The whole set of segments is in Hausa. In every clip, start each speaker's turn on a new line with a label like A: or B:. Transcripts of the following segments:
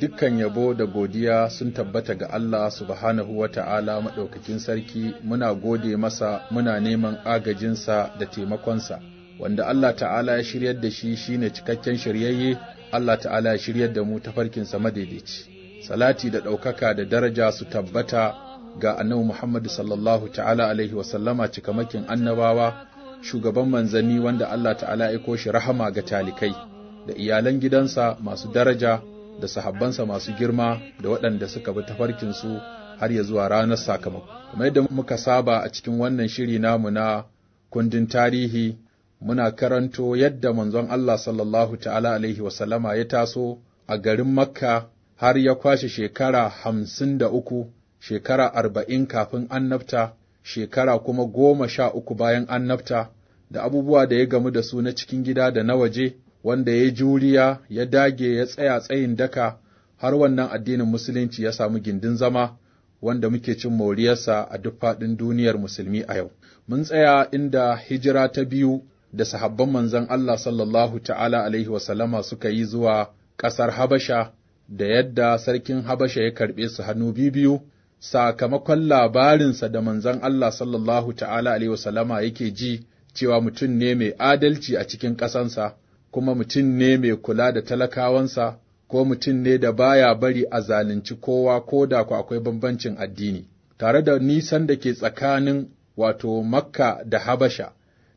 A: dukkan yabo da godiya sun tabbata ga Allah subhanahu wa ta'ala maɗaukakin sarki muna gode masa muna neman agajinsa da taimakonsa, wanda Allah ta'ala ya shiryar da shi shine cikakken shiryayye, Allah ta'ala ya shiryar da mu ta farkinsa madaidaici. Salati da ɗaukaka da daraja su tabbata ga annabi Muhammadu sallallahu ta'ala alaihi wasallama cikamakin annabawa, shugaban manzanni wanda Allah ta'ala ya shi rahama ga talikai, da iyalan gidansa masu daraja. da sahabbansa masu girma da waɗanda suka bi tafarkinsu har ya zuwa ranar sakamako. Kamar yadda muka saba a cikin wannan shiri namu na kundin tarihi muna karanto yadda manzon Allah sallallahu ta'ala alaihi wasallama ya taso a garin Makka har ya kwashe shekara hamsin da uku, shekara arba'in kafin annabta, shekara kuma goma sha uku bayan annabta, da abubuwa da ya gamu da su na cikin gida da na waje, wanda ya yi juriya ya dage ya tsaya tsayin daka har wannan addinin musulunci ya samu gindin zama wanda muke cin moriyarsa a duk faɗin duniyar musulmi a yau. Mun tsaya inda hijira ta biyu da sahabban manzon Allah sallallahu ta'ala alaihi wasallama suka yi zuwa ƙasar Habasha da yadda sarkin Habasha ya karɓe su hannu biyu sakamakon labarinsa da manzon Allah sallallahu ta'ala alaihi wasallama yake ji cewa mutum ne mai adalci a cikin ƙasansa kuma mutum ne mai kula da talakawansa, ko mutum ne da baya bari a zalunci kowa ko da ku akwai bambancin addini, tare da nisan da ke tsakanin wato Makka da Habasha,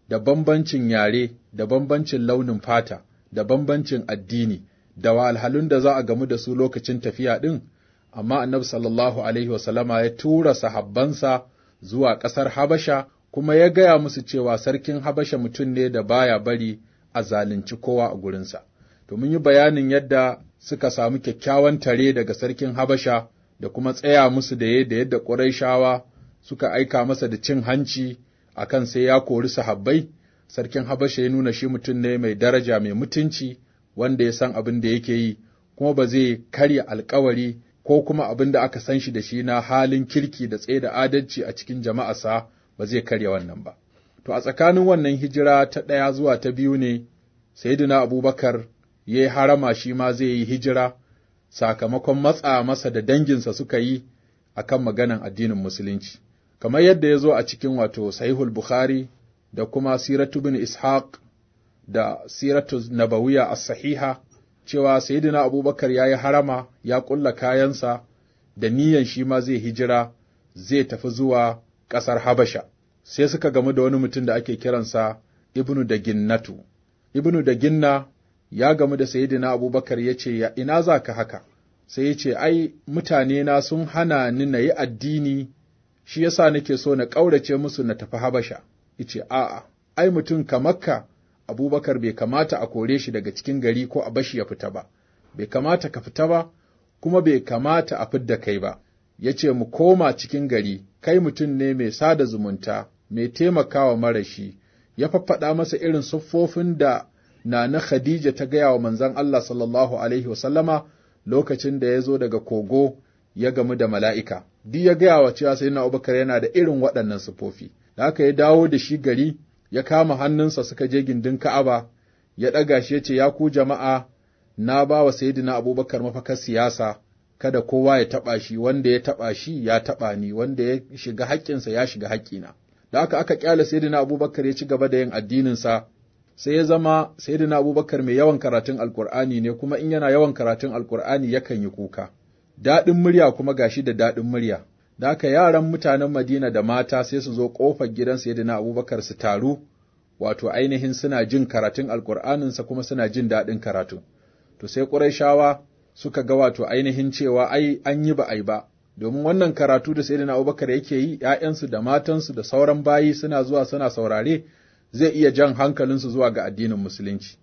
A: da bambancin yare, da bambancin launin fata, da bambancin addini, da wahalhalun da za a gamu da su lokacin tafiya ɗin, amma annabi sallallahu alaihi wasallama ya tura sahabbansa zuwa ƙasar Habasha kuma ya gaya musu cewa sarkin Habasha mutum ne da baya bari a zalunci kowa a gurinsa. To mun yi bayanin yadda suka samu kyakkyawan tare daga sarkin Habasha da kuma tsaya musu da yadda yadda Ƙuraishawa suka aika masa da cin hanci akan sai ya kori sahabbai, sarkin Habasha ya nuna shi mutum ne mai daraja mai mutunci wanda ya san abin da yake yi, kuma ba zai karya alkawari ko kuma abin da aka san shi da shi na halin kirki da tsaye da adalci a cikin jama'arsa ba zai karya wannan ba. to a tsakanin wannan hijira ta ɗaya zuwa ta biyu ne saidina Abubakar ya yi harama shi ma zai yi hijira sakamakon matsa masa da danginsa suka yi a kan maganan addinin Musulunci, kamar yadda ya zo a cikin wato Sahihul Bukhari da kuma Siratu bin Ishaq da Siratu Nabawiya a sahiha cewa Sayyidina Abubakar ya yi harama ya ƙulla kayansa da niyan shi ma zai hijira zai tafi zuwa ƙasar Habasha. sai suka gamu da wani mutum da ake kiransa Ibnu da Ginnatu. Ibnu da Ginna ya gamu da Sayyidina Abubakar ya ce, Ya ina za ka haka? Sai ya ce, Ai, mutane na sun hana ni na yi addini, shi yasa nake so na ƙaurace musu na tafi Habasha. Ice, A'a, ai mutum ka makka, Abubakar bai kamata a kore shi daga cikin gari ko a bashi ya fita ba, bai kamata ka fita ba, kuma bai kamata a fidda kai ba. Ya ce, Mu koma cikin gari, kai mutum ne mai sada zumunta, mai taimakawa marashi ya faffaɗa masa irin siffofin da na na Khadija ta gaya wa manzan Allah sallallahu alaihi wasallama lokacin da ya zo daga kogo ya gamu da mala'ika, duk ya gaya wa cewa sai na Abubakar yana da irin waɗannan siffofi, da haka ya dawo da shi gari, ya kama hannunsa suka je gindin Ka'aba, ya ɗaga shi ya ce, Ya ku jama'a, na ba wa Sayyidina Abubakar mafakar siyasa, kada kowa ya taɓa shi, wanda ya taɓa shi ya taɓa ni, wanda ya shiga haƙƙinsa ya shiga haƙƙina. da aka aka kyale sayyidina abubakar ya ci gaba da yin addininsa sai ya zama sayyidina abubakar mai yawan karatun alkur'ani ne kuma in yana yawan karatun alkur'ani yakan yi kuka daɗin murya kuma gashi da daɗin murya da aka yaran mutanen madina da mata sai su zo ƙofar gidan sayyidina abubakar su taru wato ainihin suna jin karatun sa kuma suna jin daɗin karatu to sai ƙurayshawa suka ga wato ainihin cewa ai an yi ba ai ba domin wannan karatu da Sayyidina Abubakar yake yi ‘ya'yansu da matansu da sauran bayi suna zuwa suna saurare zai iya jan hankalinsu zuwa ga addinin musulunci.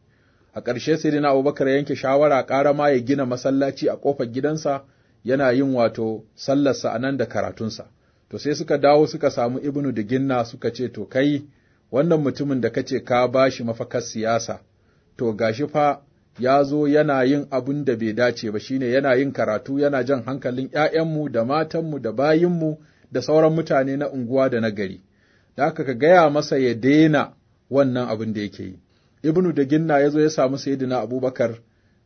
A: A ƙarshe Sayyidina Abubakar yanke shawara ƙara ma ya gina masallaci a ƙofar gidansa yana yin wato sallarsa a nan da karatunsa. To sai suka dawo suka samu Ibnu da Ginna suka ce to kai wannan mutumin da kace ka bashi mafakar siyasa to gashi fa ya zo yana yin abin da bai dace ba shine yana yin karatu yana jan hankalin ‘ya'yanmu da matanmu da bayinmu da sauran mutane na unguwa da na gari, da haka ka gaya masa ya daina wannan abin da yake yi. Ibnu da Ginna ya zo ya samu Sayyidina Abubakar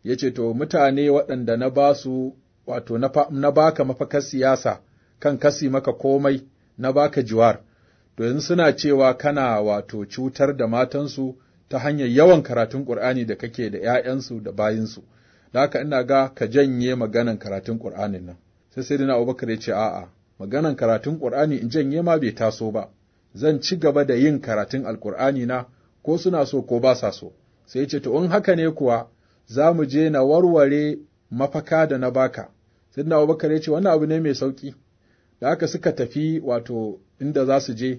A: ya ce, To, mutane waɗanda na ba su, wato, na baka mafakar siyasa, kan kasi maka komai, na baka jiwar, to yanzu suna cewa kana wato cutar da matansu ta hanyar yawan karatun Ƙur'ani da kake da ‘ya'yansu da bayinsu, da haka ina ga ka janye maganan karatun Ƙur'anin nan. Sai sai dina Abubakar ya ce, A'a, maganan karatun Ƙur'ani in janye ma bai taso ba, zan ci gaba da yin karatun Alƙur'ani na ko suna so ko ba sa so. Sai ya ce, To, in haka ne kuwa, za mu je na warware mafaka da na baka. Sai dina Abubakar ya ce, Wannan abu ne mai sauƙi. Da haka suka tafi wato inda za su je,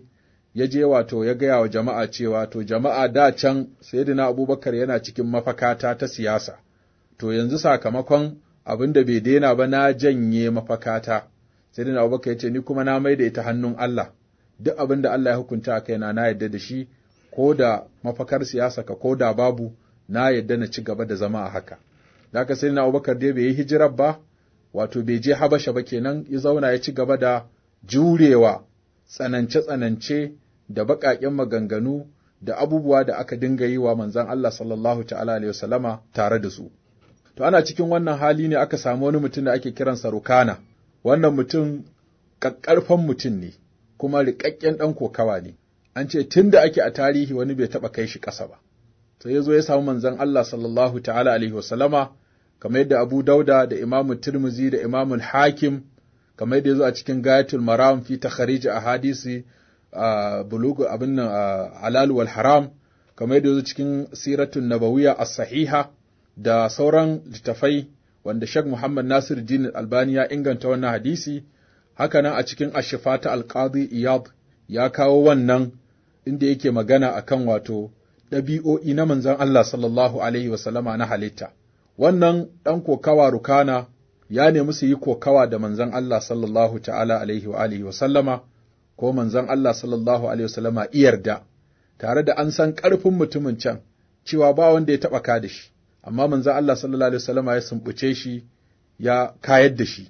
A: ya je wato ya gaya wa jama'a cewa to jama'a da can sai abubakar yana cikin mafakata ta siyasa to yanzu sakamakon abin da bai daina ba na janye mafakata sayyidina abubakar ya ce ni kuma na mai da ita hannun Allah duk abin da Allah ya hukunta a kaina na yadda da shi ko da mafakar siyasa ka ko da babu na yadda na ci gaba da zama a haka da haka sayyidina abubakar dai bai yi hijirar ba wato bai je habasha ba kenan ya zauna ya ci gaba da jurewa tsanance-tsanance da baƙaƙen maganganu da abubuwa da aka dinga yi wa manzan Allah sallallahu ta'ala alaihi wasallama tare da su. To ana cikin wannan hali ne aka samu wani mutum da ake kiransa Rukana. Wannan mutum ƙaƙƙarfan mutum ne, kuma riƙaƙƙen ɗan kokawa ne. An ce tun da ake a tarihi wani bai taɓa kai shi ƙasa ba. Sai ya zo ya samu manzan Allah sallallahu ta'ala alaihi wasallama kamar yadda Abu Dauda da Imamu Tirmizi da imamul Hakim kamar yadda ya zo a cikin Gayatul Maram fi takhrij hadisi. a bulugu abin nan halalu wal haram kamar yadda yazo cikin siratun nabawiya as-sahiha da sauran littafai wanda Sheikh Muhammad Nasir Jin Albani ya inganta wannan hadisi haka nan a cikin Ashifa ta Al-Qadi Iyad ya kawo wannan inda yake magana akan wato ɗabi'o'i na manzon Allah sallallahu alaihi sallama na halitta wannan ɗan kokawa rukana ya nemi su yi kokawa da manzon Allah sallallahu ta'ala alaihi wa alihi sallama ko manzon Allah sallallahu alaihi wasallama iyarda tare da an san ƙarfin mutumin can cewa ba wanda ya taɓa ka da shi amma manzon Allah sallallahu alaihi wasallama ya sumbuce shi ya kayar da shi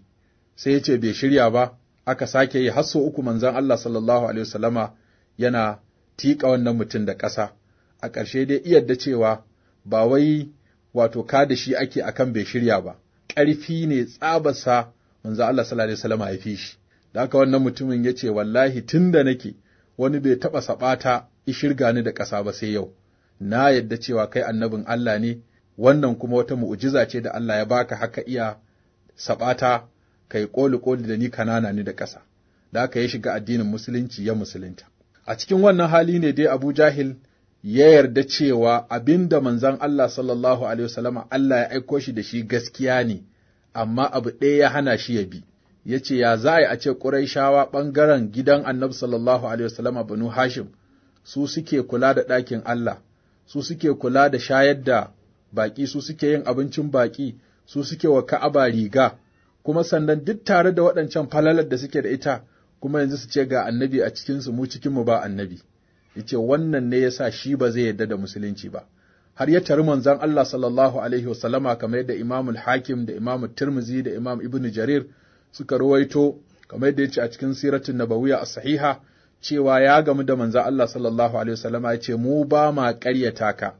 A: sai ya ce bai shirya ba aka sake yi har uku manzon Allah sallallahu alaihi wasallama yana tiƙa wannan mutum da ƙasa a ƙarshe dai iyarda cewa ba wai wato ka da shi ake akan bai shirya ba ƙarfi ne tsabasa manzon Allah sallallahu alaihi wasallama ya fi shi da haka wannan mutumin ya ce wallahi tun da nake wani bai taɓa saɓata ishirga ni da ƙasa ba sai yau na yadda cewa kai annabin Allah ne wannan kuma wata mu'ujiza ce da Allah ya baka haka iya saɓata kai ƙoli ƙoli da ni kanana ni da ƙasa da haka ya shiga addinin musulunci ya musulunta a cikin wannan hali ne dai Abu Jahil ya yarda cewa abinda da manzon Allah sallallahu alaihi wasallama Allah ya aiko shi da shi gaskiya ne amma abu ɗaya ya hana shi ya bi ya ce ya za a ce shawa ɓangaren gidan annabi sallallahu alaihi wasallama banu Hashim su suke kula da ɗakin Allah, su suke kula da shayar da baƙi, su suke yin abincin baƙi, su suke wa Ka'aba riga, kuma sannan duk tare da waɗancan falalar da suke da ita, kuma yanzu su ce ga annabi a cikinsu mu cikin mu ba annabi. Yace wannan ne yasa shi ba zai yarda da musulunci ba. Har ya tari manzon Allah sallallahu alaihi wasallama kamar yadda Imamul Hakim da Imamul Tirmizi da Imam Ibn Jarir suka ruwaito kamar yadda ya ce a cikin siratun nabawiya a sahiha cewa ya gamu da manzo Allah sallallahu alaihi wasallama ya ce mu ba ma ƙaryata ka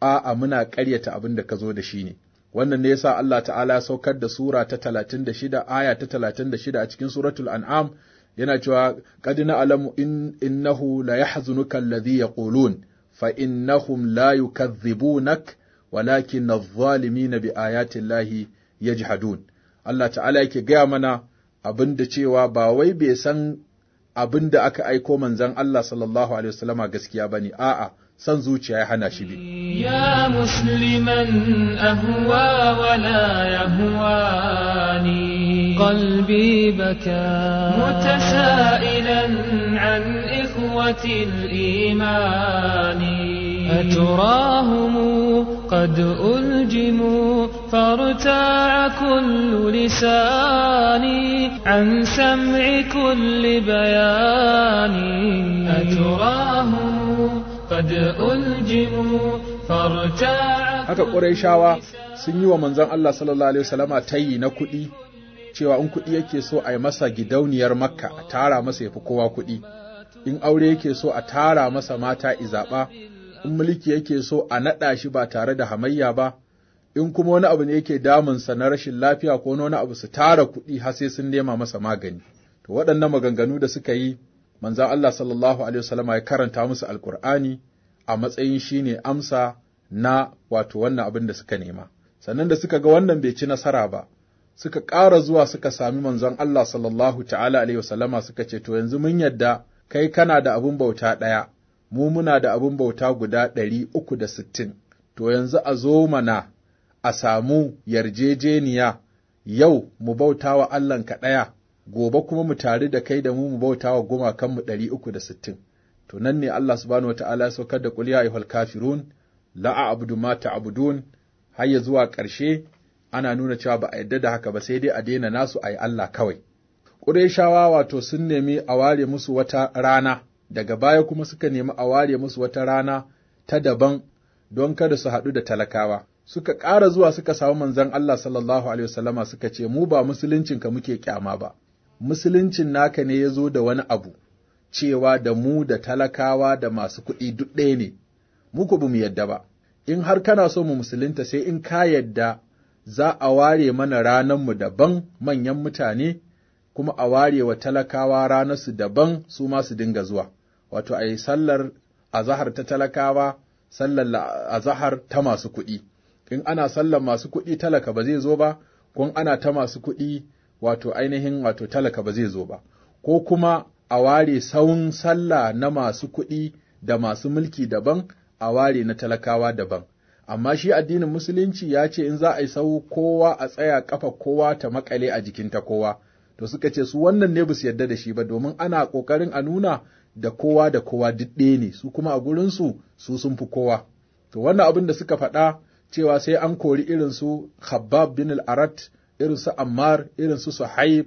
A: a'a muna ƙaryata abin da ka zo da shi ne wannan ne yasa Allah ta'ala Ya saukar da sura ta 36 aya ta 36 a cikin suratul an'am yana cewa qad na'lamu in innahu la yahzunuka alladhi yaqulun fa innahum la yukadhibunak walakin adh dhalimin bi ayati llahi yajhadun Allah ta'ala yake gaya mana abin da cewa ba wai bai san abin da aka aiko manzan Allah sallallahu Alaihi wasallama gaskiya ba ne, a'a, san zuciya ya hana shi bi. Ya musliman ahuwa wa la yahuwa ni, qalbi baka, mutasailan an ikwatil imani, أتراهم قد ألجموا فارتاع كل لساني عن سمع كل بياني أتراهم قد ألجموا فارتاع haka ƙurayshawa sun yi wa manzon Allah sallallahu alaihi wasallama tayi na kuɗi cewa in kuɗi yake so a yi masa gidauniyar makka a tara masa ya fi kowa kuɗi in aure yake so a tara masa mata izaɓa in mulki yake so a naɗa shi ba tare da hamayya ba in kuma wani abu ne yake damunsa na rashin lafiya ko wani abu su tara kuɗi har sai sun nema masa magani to waɗannan maganganu da suka yi manzan Allah sallallahu alaihi wasallam ya karanta musu alkur'ani a matsayin shine amsa na wato wannan abin da suka nema sannan da suka ga wannan bai ci nasara ba suka ƙara zuwa suka sami manzon Allah sallallahu ta'ala alaihi wasallama suka ce to yanzu mun yadda kai kana da abun bauta ɗaya mu muna da abun bauta guda ɗari uku da sittin to yanzu a zo mana a samu yarjejeniya yau mu bauta wa Allahnka ɗaya, gobe kuma mu tare da kai da mu mu bauta wa gumakanmu ɗari uku da sittin. To nan ne Allah subhanahu wa ta'ala ya saukar da kulya ayyuhal kafirun, la'a abudu ma ta'budun har ya zuwa ƙarshe ana nuna cewa ba a yadda da haka ba sai dai a daina nasu a yi Allah kawai. Ƙureshawa wato sun nemi a ware musu wata rana, daga baya kuma suka nemi a ware musu wata rana ta daban don kada su haɗu da talakawa. suka ƙara zuwa suka samu manzon Allah sallallahu alaihi wasallama suka ce mu ba musuluncinka muke kyama ba musuluncin naka ne ya zo da wani abu cewa da mu da talakawa da masu kuɗi duk ɗaya ne mu ku mu yadda ba in har kana so mu musulunta sai in ka yadda za a ware mana ranar mu daban manyan mutane kuma a ware wa talakawa ranar su daban su ma su dinga zuwa wato a yi sallar azahar ta talakawa sallar azahar ta masu kuɗi in ana sallar masu kuɗi talaka ba zai zo ba ko ana ta masu kuɗi wato ainihin wato talaka ba zai zo ba ko kuma a ware saun sallah na masu kuɗi da masu mulki daban a ware na talakawa daban amma shi addinin musulunci ya ce in za a yi sau kowa a tsaya kafa kowa ta makale a jikin ta kowa to suka ce su wannan ne su yadda da shi ba domin ana ƙoƙarin a nuna da kowa da kowa duk ɗaya ne su kuma a gurinsu su sun fi kowa to wannan abin da suka faɗa cewa sai an kori irin su Khabbab bin al-Arat, irin su Ammar, irin su Suhaib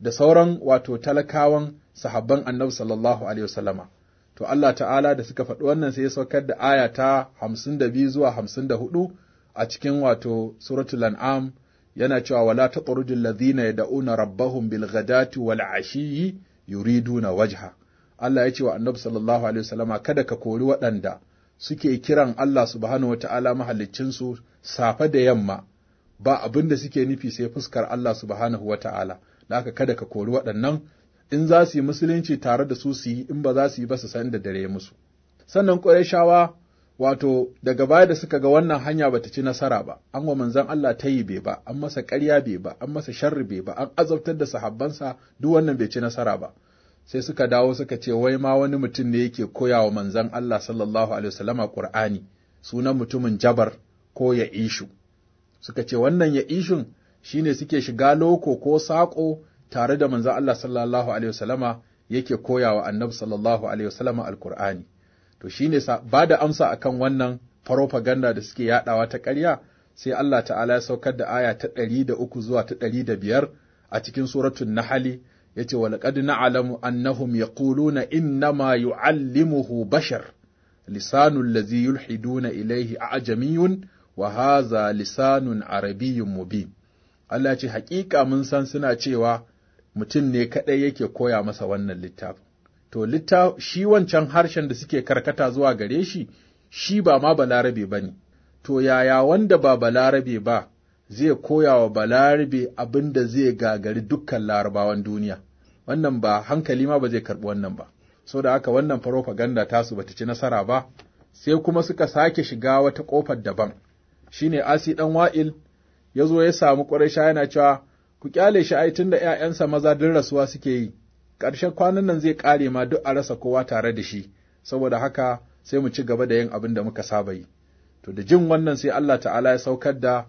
A: da sauran wato talakawan sahabban Annabi sallallahu alaihi wasallama. To Allah ta'ala da suka faɗi wannan sai ya saukar da aya ta 52 zuwa 54 a cikin wato suratul an'am yana cewa wala taqrudul ladhina yad'una rabbahum bil ghadati wal ashiyi yuriduna wajha. Allah ya ce wa Annabi sallallahu alaihi wasallama kada ka kori waɗanda suke kiran Allah subhanahu wata'ala mahaliccinsu safe da yamma ba abin da suke nufi sai fuskar Allah subhanahu wata'ala da aka kada ka kori waɗannan in za su yi musulunci tare da su su yi in ba za su yi ba su san da dare musu sannan shawa, wato daga baya da suka ga wannan hanya ba ta ci nasara ba an wa manzon Allah tayi bai ba an masa ƙarya bai ba an masa sharri bai ba an azabtar da sahabbansa duk wannan bai ci nasara ba sai suka dawo suka ce wai ma wani mutum ne yake koya wa manzon Allah sallallahu alaihi wasallama Qur'ani sunan mutumin Jabar ko ya ishu suka ce wannan ya ishun shine suke shiga loko ko saƙo tare da manzon Allah sallallahu alaihi wasallama yake koya wa Annabi sallallahu alaihi wasallama Al-Qur'ani to shine ba da amsa akan wannan propaganda da suke yaɗawa ta ƙarya sai Allah ta'ala ya saukar da aya ta ɗari da uku zuwa ta ɗari da biyar a cikin suratun Nahali yace wa na alamu annahum yaquluna innama yu'allimuhu bashar Lisanun na ilaihi a a'jamiyun wa hadha lisanun mu mubin Allah ce haƙiƙa mun san suna cewa mutum ne kaɗai yake koya masa wannan littafin to shi wancan harshen da suke karkata zuwa gare shi shi ba ma balarabe ba ne. to yaya wanda ba balarabe ba zai koya wa balarabe abin da zai gagari dukkan larabawan duniya wannan ba hankali ma ba zai karɓi wannan ba saboda haka wannan farofaganda tasu bata ci nasara ba sai kuma suka sake shiga wata ƙofar daban ne asi ɗan wa'il ya zo ya samu ƙuraisha yana cewa ku kyale shi ai tunda ’ya'yansa maza duk rasuwa suke yi ƙarshen kwanan nan zai ƙare ma duk a rasa kowa tare da shi saboda haka sai mu ci gaba da yin abin da muka saba yi to da jin wannan sai Allah ta'ala ya saukar da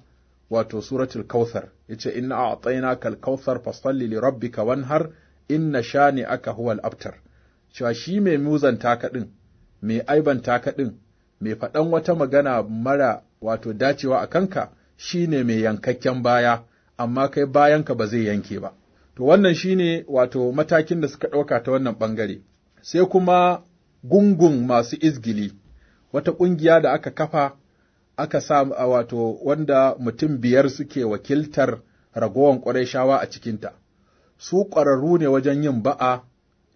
A: wato suratul kauthar yace inna a'tainaka al-kauthar fasalli li rabbika wanhar inna shani aka huwal abtar cewa shi mai muzanta ka din mai aibanta ka din mai faɗan wata magana mara wato dacewa a kanka shine mai yankakken baya amma kai bayanka ba zai yanke ba to wannan shine wato matakin da suka ɗauka ta wannan ɓangare sai kuma gungun masu izgili wata ƙungiya da aka kafa aka sa wato wanda mutum biyar suke wakiltar ragowan ƙwarai a cikinta, su ƙwararru ne wajen yin ba'a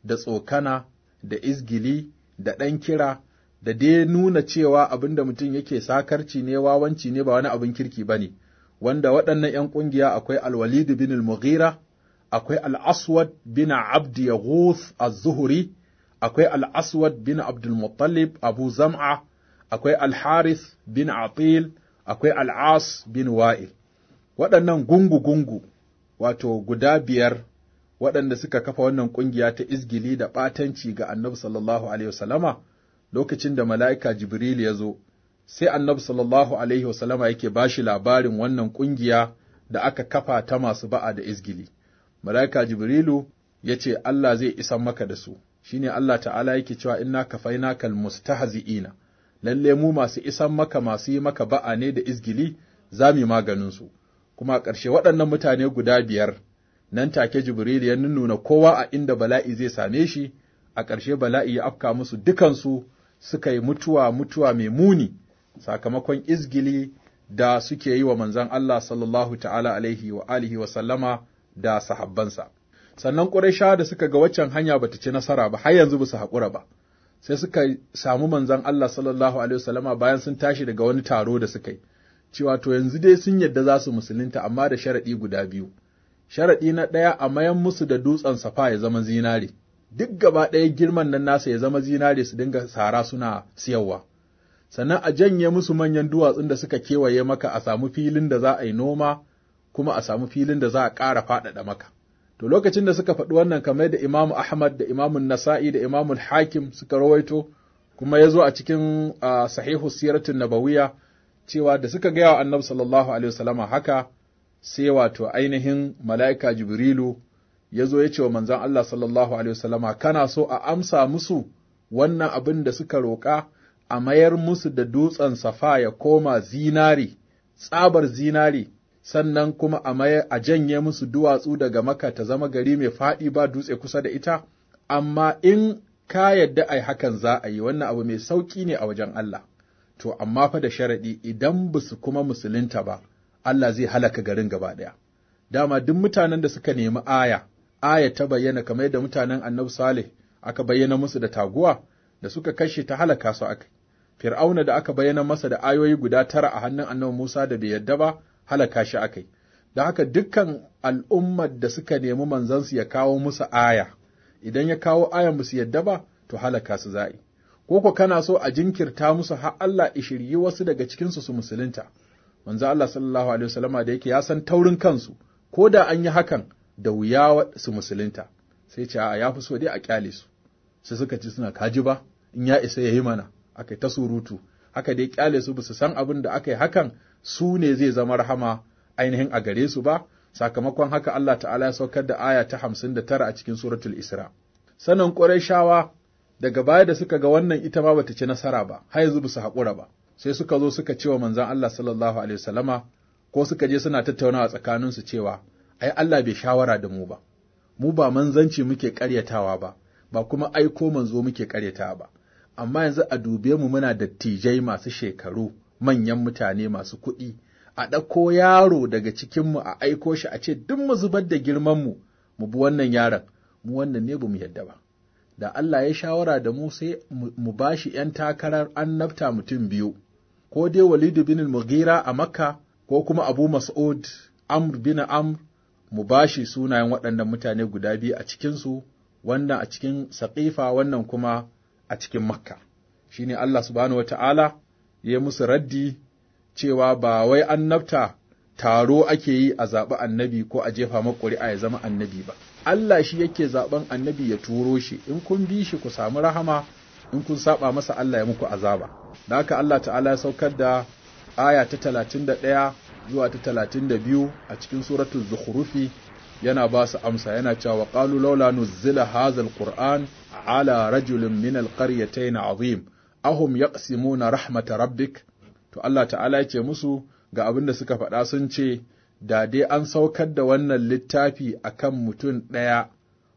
A: da tsokana da izgili da ɗan kira da dai nuna cewa abin da mutum yake sakarci ne wawanci ne ba wani abin kirki ba ne, wanda waɗannan ’yan ƙungiya akwai alwalid bin al akwai al-aswad bin abd yaghuth az akwai al-aswad bin abdul muttalib abu zam'a akwai al-harith bin atil akwai al-as bin wa'il waɗannan gungu-gungu wato guda biyar waɗanda suka kafa wannan ƙungiya ta izgili da ɓatanci ga annabi sallallahu alaihi wasallama lokacin da mala'ika Jibril ya zo, sai annabi sallallahu alaihi wasallama yake bashi labarin wannan ƙungiya da aka kafa ta masu ba'a da izgili. Mala'ika Jibrilu ya ce Allah zai isan maka da su, shi ne Allah ta'ala yake cewa inna kafaina kal mustahzi'ina lalle mu masu isan maka masu yi maka ba'a ne da izgili za mu yi maganinsu, kuma a ƙarshe waɗannan mutane guda biyar nan take Jibril ya nuna kowa a inda bala'i zai same shi, a ƙarshe bala'i ya afka musu dukansu suka yi mutuwa mutuwa mai muni sakamakon izgili da suke yi wa manzon Allah sallallahu ta'ala alaihi wa alihi wa sallama da sahabbansa. Sannan Qurayshawa da suka ga waccan hanya bata ci nasara ba har yanzu ba su haƙura ba. sai suka samu manzon Allah sallallahu alaihi wasallama bayan sun tashi daga wani taro da suka yi cewa to yanzu dai sun yadda za su musulunta amma da sharaɗi guda biyu sharaɗi na ɗaya a mayan musu da dutsen safa ya zama zinare duk gaba ɗaya girman nan nasa ya zama zinare su dinga sara suna siyarwa sannan a janye musu manyan duwatsun da suka kewaye maka a samu filin da za a yi noma kuma a samu filin da za a ƙara faɗaɗa maka to lokacin da suka faɗi wannan kamar da Imam Ahmad da Imam Nasa'i da Imam Hakim suka rawaito kuma ya zo a cikin sahihu siratun nabawiya cewa da suka gaya wa annabi sallallahu alaihi wasallama haka sai wato ainihin mala'ika Jibrilu ya zo ya ce wa manzon Allah sallallahu alaihi wasallama kana so a amsa musu wannan abin da suka roƙa a mayar musu da dutsen safa ya koma zinari tsabar zinari sannan kuma a maye janye musu duwatsu daga maka ta zama gari mai faɗi ba dutse kusa da ita, amma in ka yadda yi hakan za a yi wannan abu mai sauƙi ne a wajen Allah, to amma fa da sharaɗi idan ba su kuma musulunta ba, Allah zai halaka garin gaba ɗaya. Dama duk mutanen da suka nemi aya, aya ta bayyana kamar da mutanen annabi Saleh aka bayyana musu da taguwa da suka kashe ta halaka su aka. Fir'auna da aka bayyana masa da ayoyi guda tara a hannun annabi Musa da bai yadda ba, halaka shi akai da haka dukkan al'ummar da suka nemi manzansu ya kawo musu aya idan ya kawo aya musu yadda ba to halaka su za'i ko ko kana so a jinkirta musu har Allah ishiryi wasu daga cikinsu su musulunta manzo Allah sallallahu alaihi wasallama da yake ya san taurin kansu ko da an yi hakan da wuya su musulunta sai ce a ya fi so dai a kyale su sai suka ci suna kaji ba in ya isa ya yi mana aka yi ta surutu haka dai kyale su basu san abin da aka yi hakan su ne zai zama rahama ainihin a gare su ba sakamakon haka Allah ta'ala ya saukar da aya ta hamsin da tara a cikin suratul Isra. Sanin shawa, daga baya da suka ga wannan ita ma bata ci nasara ba, har yanzu ba su haƙura ba. Sai suka zo suka ce wa manzon Allah sallallahu alaihi wasallama ko suka je suna tattaunawa tsakanin su cewa ai Allah bai shawara da mu ba. Mu ba manzanci muke ƙaryatawa ba, ba kuma aiko manzo muke ƙaryatawa ba. Amma yanzu a dube mu muna dattijai masu shekaru manyan mutane masu kuɗi, a ɗauko yaro daga cikinmu a aiko shi a ce duk mu zubar da girmanmu mu bi wannan yaron, mu wannan ne ba mu yadda ba. Da Allah ya shawara da mu sai mu ba shi ’yan takarar annabta mutum biyu, ko dai Walidu bin Mughira a Makka, ko kuma Abu Mas'ud, Amr bin Amr, mu ba shi sunayen waɗannan mutane guda biyu a cikinsu, wannan Saƙifa, wannan kuma a cikin Makka. Shi ne Allah subhanahu wa ta'ala ya musu raddi cewa ba wai annabta taro ake yi a zaɓi annabi ko a jefa maƙuri'a ya zama annabi ba. Allah shi yake zaɓen annabi ya turo shi, in kun bi shi ku samu rahama, in kun saɓa masa Allah ya muku azaba. Da haka Allah ta'ala ya saukar da aya ta talatin da ɗaya zuwa ta talatin da biyu a cikin suratul zukhrufi yana ba su amsa yana cewa qalu laula nuzzila hadha alquran ala rajulin min alqaryatayn azim ahum yaqsimuna rahmata rabbik to Allah ta'ala ya musu ga abin da suka faɗa sun ce da dai an saukar da wannan littafi akan mutum ɗaya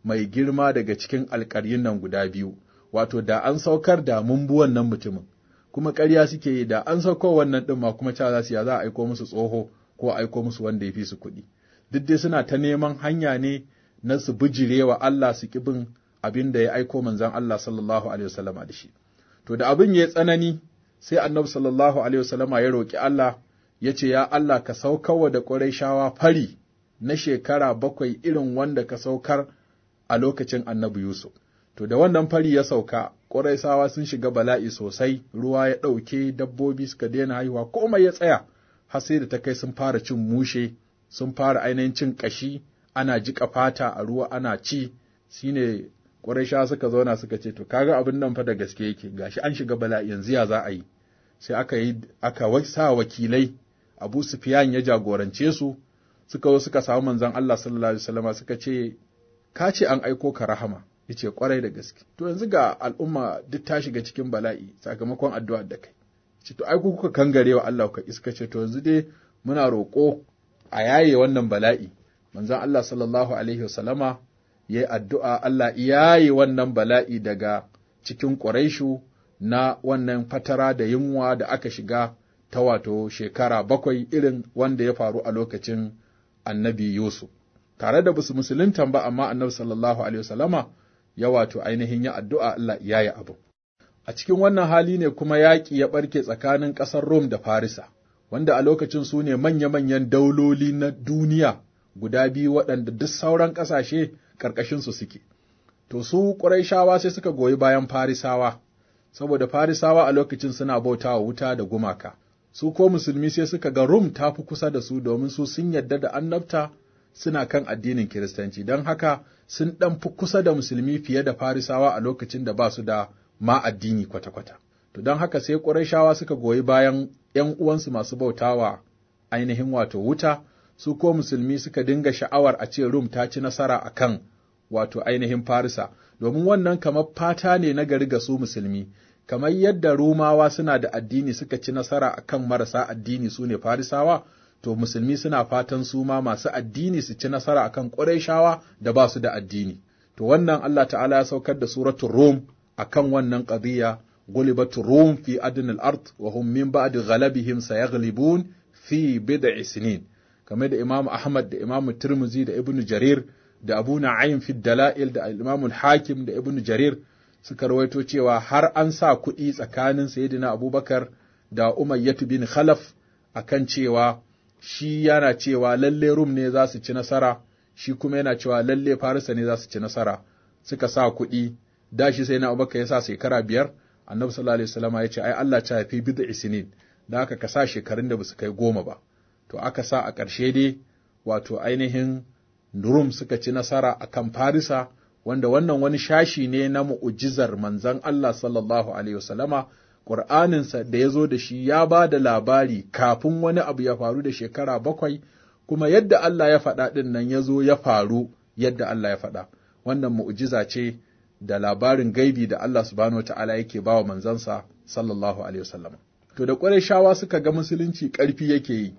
A: mai girma daga cikin alƙaryun nan guda biyu wato da an saukar da mun nan wannan mutumin kuma ƙarya suke yi da an sauko wannan ɗin ma kuma cewa za su ya za a aiko musu tsoho ko a aiko musu wanda ya fi su kuɗi duk dai suna ta neman hanya ne na su bijirewa Allah su ƙi abin da ya aiko manzon Allah sallallahu alaihi wasallam da shi To da abin ya yi tsanani, sai annabi sallallahu alaihi wasallama ya roƙi Allah, ya ce, Ya Allah ka sauka wa da Qurayshawa fari na shekara bakwai irin wanda ka saukar a lokacin annabi Yusuf. To da wannan fari ya sauka, Qurayshawa sun shiga bala'i sosai, ruwa ya ɗauke, dabbobi suka daina haihuwa, komai ya tsaya, har sai da ta kai sun fara cin mushe, sun fara ainihin cin ƙashi, ana jiƙa fata a ruwa ana ci, shine sha suka zauna suka ce to kaga abin nan fa da gaske yake gashi an shiga bala'i yanzu ya za a yi sai aka yi aka sa wakilai Abu Sufyan ya jagorance su suka zo suka samu manzon Allah sallallahu alaihi wasallama suka ce ka ce an aiko ka rahama yace ƙwarai da gaske to yanzu ga al'umma duk ta shiga cikin bala'i sakamakon addu'ar da kai ce to ai kuka kangare wa Allah ka iska ce to yanzu dai muna roƙo a yaye wannan bala'i manzon Allah sallallahu alaihi wasallama ya yi addu'a Allah ya yi wannan bala'i daga cikin ƙwaraishu na wannan fatara da yunwa da aka shiga ta wato shekara bakwai irin wanda ya faru a lokacin annabi Yusuf. Tare da basu musuluntan ba amma annabi sallallahu alaihi wasallama ya wato ainihin ya addu'a Allah ya yi abu. A cikin wannan hali ne kuma yaƙi ya ɓarke tsakanin ƙasar Rom da Farisa, wanda a lokacin su ne manya-manyan dauloli na duniya guda biyu waɗanda duk sauran ƙasashe ƙarƙashinsu suke. To su Ƙuraishawa sai suka goyi bayan Farisawa, saboda Farisawa a lokacin suna bauta wa wuta da gumaka. Su ko musulmi sai suka ga Rum ta fi kusa da su domin su sun yarda da annabta suna kan addinin Kiristanci, don haka sun ɗan fi kusa da musulmi fiye da Farisawa a lokacin da ba su da ma addini kwata-kwata. To don haka sai ƙuraishawa suka goyi bayan ‘yan uwansu masu bautawa ainihin wato wuta, su ko musulmi suka dinga sha'awar a ce Rum ta ci nasara a kan wato ainihin Farisa, domin wannan kamar fata ne na gari ga su musulmi, kamar yadda Rumawa suna da addini suka ci nasara a kan marasa addini su ne Farisawa, to musulmi suna fatan su ma masu addini su ci nasara a kan shawa da ba su da addini. To wannan Allah ta'ala ya saukar da suratun Rum a kan wannan ƙadiyya غلبت الروم في أدنى الأرض وهم من بعد غلبهم سيغلبون في بضع سنين kamar da Imam Ahmad da Imam Tirmizi da Ibn Jarir da Abu Na'im fi Dala'il da Imam Hakim da Ibn Jarir suka rawaito cewa har an sa kuɗi tsakanin Sayyidina Abubakar da Umayyatu bin Khalaf akan cewa shi yana cewa lalle Rum ne za su ci nasara shi kuma yana cewa lalle Farisa ne za su ci nasara suka sa kuɗi da shi sai na Abubakar ya sa shekara biyar Annabi sallallahu alaihi wasallam ya ce ai Allah ta fi bid'i sinin da haka ka sa shekarun da ba su kai goma ba to aka sa a ƙarshe dai wato ainihin durum suka ci nasara a kan Farisa, wanda wannan wani shashi ne na mu'ujizar manzan Allah sallallahu Alaihi wasallama, Ƙur'aninsa da ya zo da shi ya ba da labari kafin wani abu ya faru da shekara bakwai, kuma yadda Allah ya faɗa ɗin nan ya zo ya faru yadda Allah ya faɗa. Wannan mu'ujiza ce da labarin gaibi da Allah subhanahu ta'ala yake ba wa manzansa sallallahu Alaihi wasallama. To da ƙwarai shawa suka ga musulunci ƙarfi yake yi,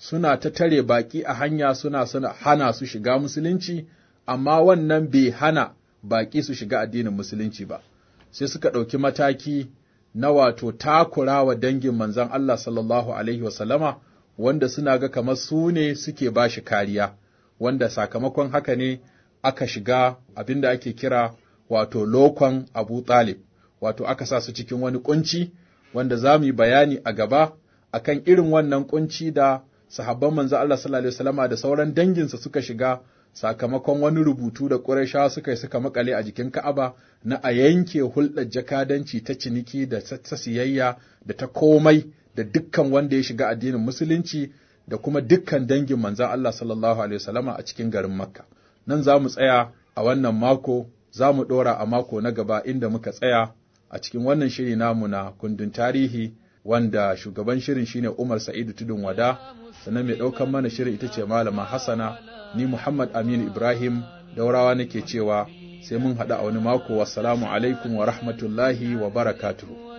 A: suna ta tare baƙi a hanya suna suna hana su shiga musulunci, amma wannan bai hana baƙi su shiga addinin musulunci ba. Sai suka ɗauki mataki na wato takura wa dangin manzan Allah sallallahu Alaihi wasallama wanda suna ga kamar su ne suke ba shi kariya, wanda sakamakon haka ne aka shiga abin da ake kira wato lokon Abu Talib, wato aka sa su cikin wani kunci wanda za mu yi bayani a gaba akan irin wannan kunci da sahabban manzo Allah sallallahu alaihi wasallama da sauran danginsa suka shiga sakamakon wani rubutu da Qurayshawa suka yi suka makale a jikin Ka'aba na a yanke hulɗar jakadanci ta ciniki da ta siyayya da ta komai da dukkan wanda ya shiga addinin musulunci da kuma dukkan dangin manzo Allah sallallahu alaihi wasallama a cikin garin Makka. Nan za mu tsaya a wannan mako, za mu ɗora a mako na gaba inda muka tsaya a cikin wannan shiri namu na kundin tarihi wanda shugaban shirin shine Umar Sa'idu Tudun Wada, sannan mai ɗaukan mana shirin ita ce Malama Hassana, ni Muhammad Aminu Ibrahim daurawa nake cewa sai mun haɗu a wani mako, wassalamu alaikum wa rahmatullahi wa barakatuhu.